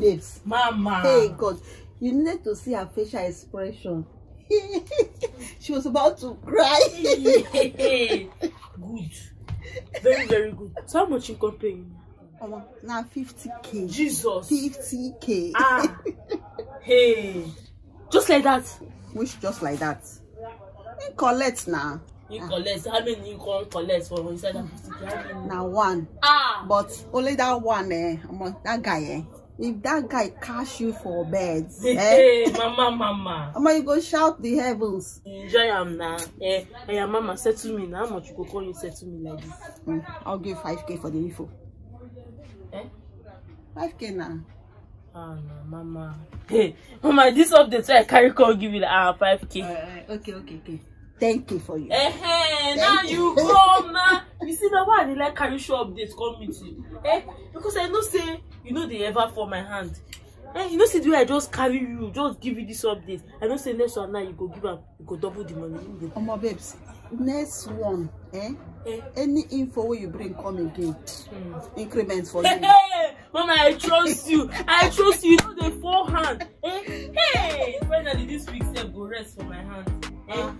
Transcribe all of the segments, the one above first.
babes mama hey god you need to see her facial expression she was about to cry good very very good so how much you go pay omo now fifty k jesus fifty k ah hey just like that which just like that You collect now. You collect how many he come collect for inside that fifty k how one ah but only that one eh that guy eh if that guy cash you for beds, eh hey, mama mama mama you go shout the heavens enjoy am na eh hey, eh, mama settle me na how much you go call you settle me like this mm, i'll give 5k for the info eh 5k na ah na mama hey mama this update wey i carry call give you like ah 5k uh, eh, eh, okay okay okay thank you for you. Eh, eh, now you go, ma. You see, now why I like carry show updates come meet you. Eh, because I know say you know dey ever fall my hand eh you know, see the way i just carry you just give you this update i know say next one now you go give am you go double the money you go. omo babes next one eh, eh? any info wey you bring come again mm. increment for eh, you. Hey, eh, mama i trust you i trust you you know dey fall hand eh hey finally this week sef go rest for my hand. Eh? Ah,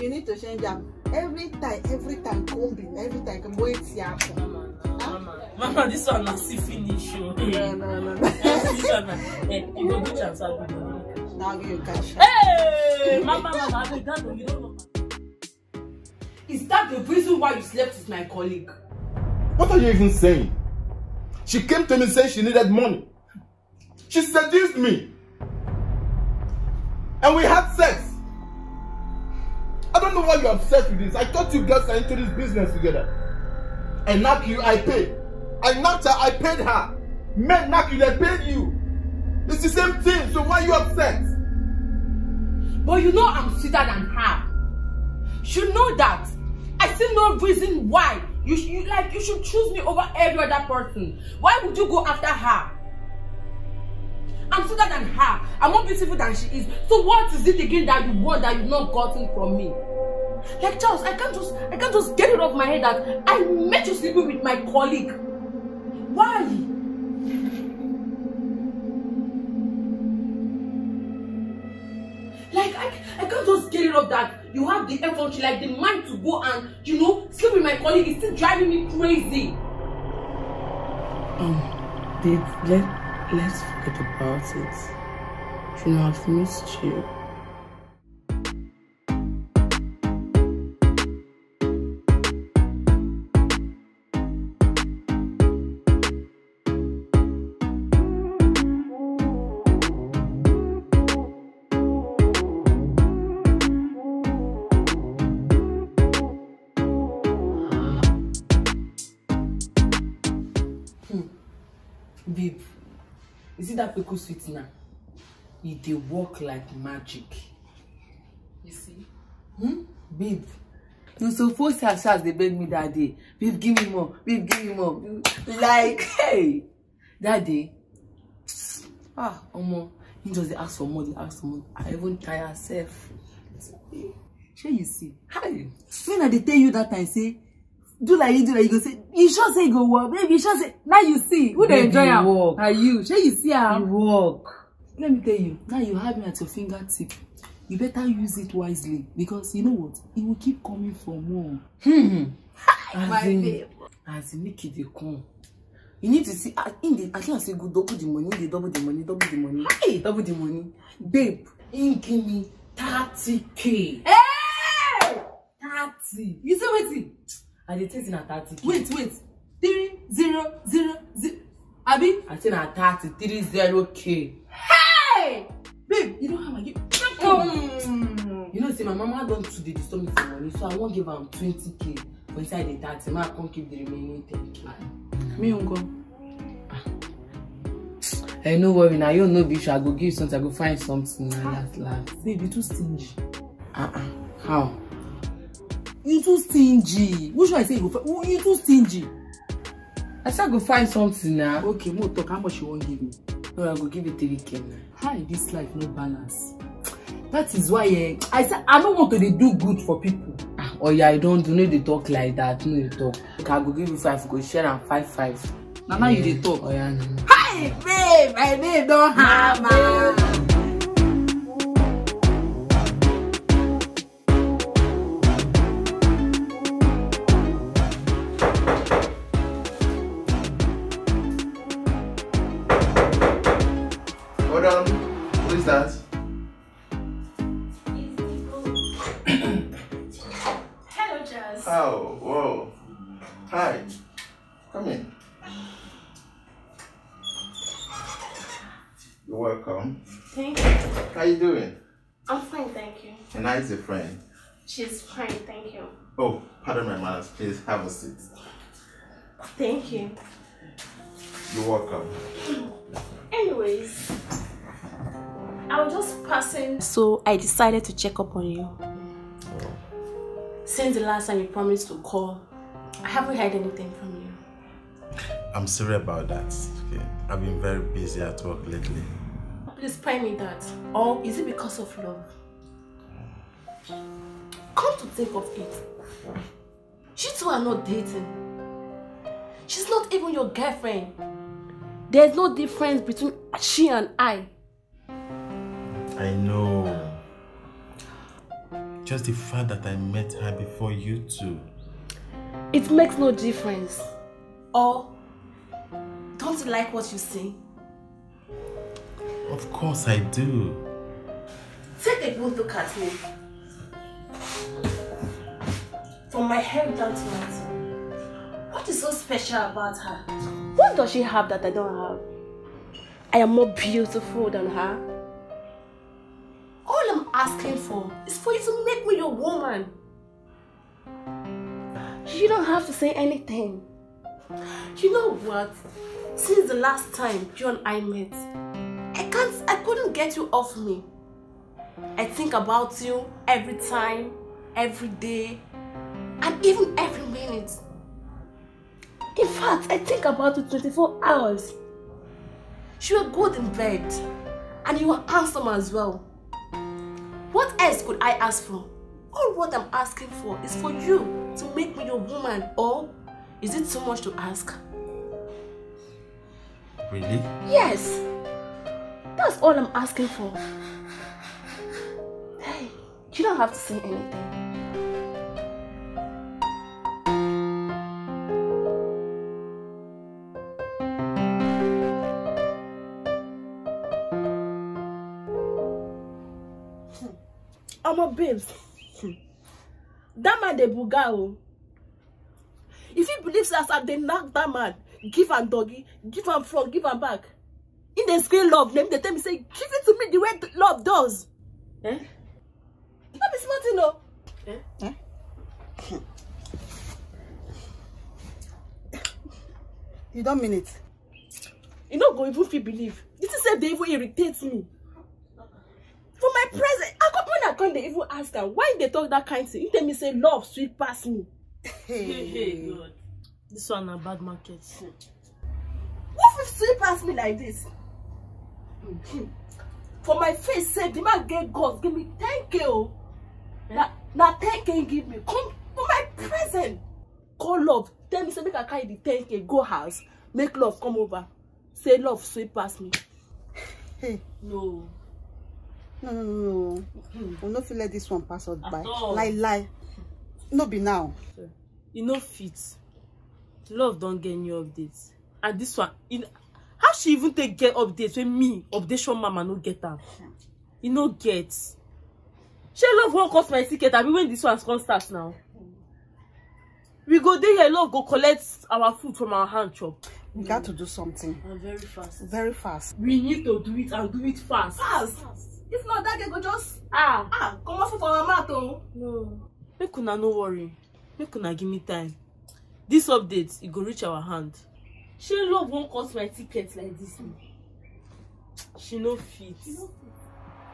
you need to change am every time every time come be every time come wait see happen. Mama, Mama, this one na see finish oh. No, no, no, This one eh, you go do transfer to me. Now you cash. Hey, Mama, Mama, you don't know, you don't know. Is that the reason why you slept with my colleague? What are you even saying? She came to me saying she needed money. She seduced me. And we had sex. I don't know why you're obsessed with this. I thought you girls are into this business together. I knock you, I pay. I knocked her, I paid her. Men knock you, they paid you. It's the same thing, so why are you upset? But you know I'm sweeter than her. You know that. I see no reason why you, you like you should choose me over every other person. Why would you go after her? I'm sweeter than her. I'm more beautiful than she is. So what is it again that you want that you've not gotten from me? Like Charles, I can't just I can't just get it off my head that I met you sleeping with my colleague. Why? Like I, I can't just get it off that you have the effrontery, like the mind to go and you know sleep with my colleague is still driving me crazy. Um, let let's forget about it. You know I've missed you. Viv, you see that peko sweet na? It dey work like magic. You see? Hmm? Viv. You suppose yase as dey beg mi da dey. Viv, give me more. Viv, give me more. Like, hey! Da dey, ah, omo. In just dey ask for more, dey ask for more. A even try yasef. She yase. Hi! Swin a dey ten you datan, sey. do like you do like you go say you sure say you go work baby. you sure say now you see who dey enjoy am na you shey you see am. you work. let me tell you now you have me at your fingertip you better use it wisely because you know what e will keep coming for more. Hmm. my babe. as in make e dey come you need to see uh, in the at least go double the money dey double the money double the money hey double the money babe he give me thirty k. Hey! thirty you see wetin. i dey in na thirty k. wait wait three zero zero zero abi. i say na thirty three zero k. hey babe you don't have get. Mm. you know see, my mama don too dey disturb me for money so i won't give am twenty k for inside the thirty ma come keep the remaining ten k. me ungo. Hey, ah. eh, no worry Now you know, be issue i go give you something i go find something na last last. babe you too stingy. Uh -uh. how. you too stingy which one i say you go find you too stingy i said i go find something na. okay mo talk how much you wan give me. no i go give you three k na. hi this life no balance that is why eh, i said i don't want to They do good for people. oh yeah, i don't. do no they talk like that no they talk okay i go give you five you go share and five five. na now yeah. you dey talk. oh yeah, no. hi babe my babe don hammer. Oh, whoa. Hi. Come in. You're welcome. Thank you. How you doing? I'm fine, thank you. And I is a friend. She's fine, thank you. Oh, pardon my manners. Please have a seat. Thank you. You're welcome. Anyways, I was just passing, so I decided to check up on you. Since the last time you promised to call, I haven't heard anything from you. I'm sorry about that. Okay. I've been very busy at work lately. Please pray me that. Or is it because of love? Come to think of it. You two are not dating. She's not even your girlfriend. There's no difference between she and I. I know. Just the fact that I met her before you two. It makes no difference. Or, don't you like what you see? Of course I do. Take a good look at me. From my head down to my toe. What is so special about her? What does she have that I don't have? I am more beautiful than her asking for is for you to make me your woman. You don't have to say anything. You know what? Since the last time you and I met, I can't, I couldn't get you off me. I think about you every time, every day, and even every minute. In fact, I think about you 24 hours. You are good in bed, and you are handsome as well else could I ask for? All what I'm asking for is for you to make me your woman, or is it too much to ask? Really? Yes. That's all I'm asking for. Hey, you don't have to say anything. babes. that man dey bugao. Oh. If he believes us, they dey that man, give and doggy, give him front, give him back. In the screen love, name dey tell me say, give it to me the way love does. Eh? No be small oh. eh? Eh? You o. Eh? mean it. you not go even you believe this is a day who irritates me for my present come they even ask her? why they talk that kind thing You tell me say love sweep past me. hey, hey, God. this one a bad market. What if sweep past me like this. for my face sef the man get guts give me ten k o oh. Now, na ten k give me come for my present call love tell me say make i carry the ten k go house make love come over say love sweep past me. no no no no no hmm. We'll not fit let this one pass us by lie lie no be now e no fit love don't get new updates. and this one in how she even take get updates when me updation mama no get am e no get She love wan cost my ticket I abi when this one come start now we go there. I love go collect our food from our hand shop. we got to do something and very fast very fast we need to do it and do it fast fast, fast if not that girl go just ah ah come food for our mouth oh no make una no worry make una give me time This update it e go reach our hand. She love won't cost my ticket like dis o she no fit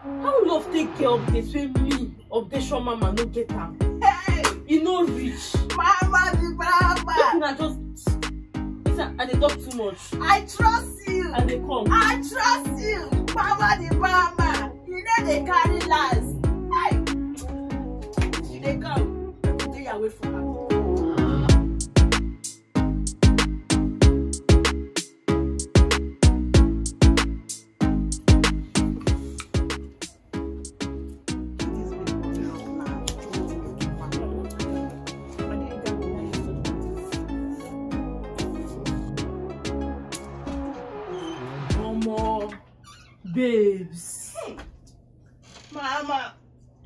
how love take care of this wey me updation mama no get her. hey. you e no reach. mama be mama. make una just listen i dey talk too much. i trust you. i dey come. i trust you mama be mama no dey carry last hi she dey come i dey yahweh for am. babes. Hey. Mama,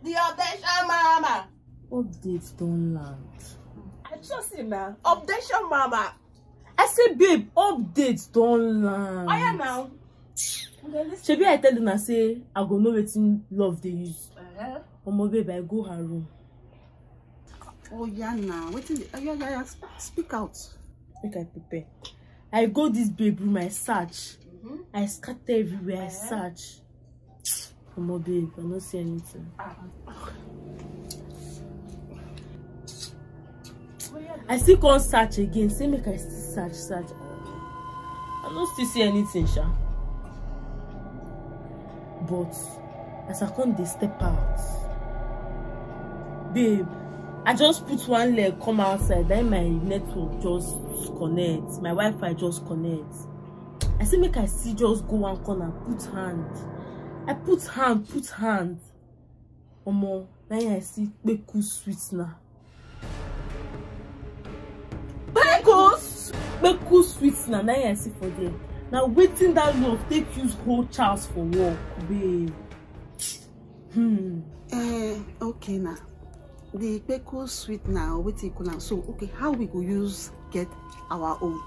the updation, Mama. Updates don't land. I trust you, now. Updation, Mama. I say, babe, updates don't land. Oh, yeah, now. Shebi, I tell you una say, I go know wetin love dey use. Uh-huh. Omo, babe, I go her room. Oh, yeah, now. Wetin dey. Oh, yeah, yeah, yeah. Speak out. Make I prepare. I go this babe room, I search. Mm-hmm. I scatter everywhere, uh-huh. I search. I'm a babe, I don't see anything. I still can't search again. Say make I still search, search. I don't still see anything, Sha. But as I come, they step out. Babe, I just put one leg, come outside, then my network just connect. My Wi-Fi just connect. I say make I see just go one corner, put hand. i put hand put hand omo now i see kpeku sweet na kpeku sweet na now. Now i see for them. Now waiting that love take use whole chance for work babe hmm. eh okay na the kpeku sweet na wetin you call so okay how we go use get our own.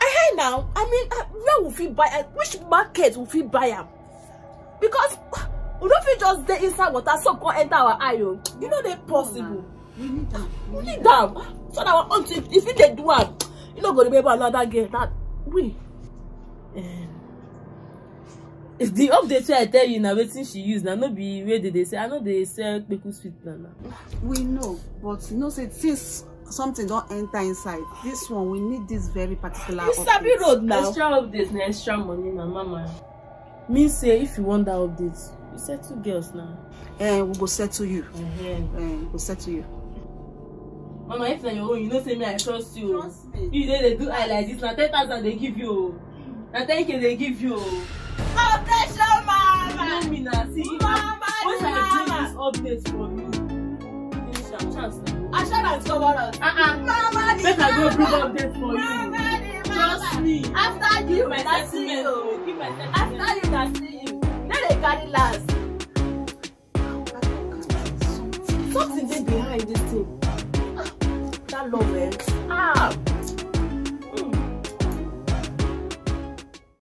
I hear now. i mean uh, where we buy uh, which market we buy am. because we don't feel just dey inside water so come enter our eye o e no dey possible we need am we need am so that we're until if you dey do am you no go remember another girl that we. Um, eh, if the update wey i tell you na wetin she used, na no be wey dey dey sell i know they sell kpeku sweet na we know but you know since something don't enter inside this one we need this very particular you update. road now. extra update na extra money my mama mean say if you want that update you settle girls now eh we go settle you eh we go settle you mama if na your own you know say me i trust you trust me you dey dey do eye like this na ten thousand dey give you o na ten k dey give you o. operation mama you know me na see mama once i bring this update for you finish am chance na. assurance go warrant. Uh -uh. mama di mama make i go bring update for mama you mama trust me after you my settlement o. After you na see you, na dey carry last. Something dey behind this thing. That love eh. Ah.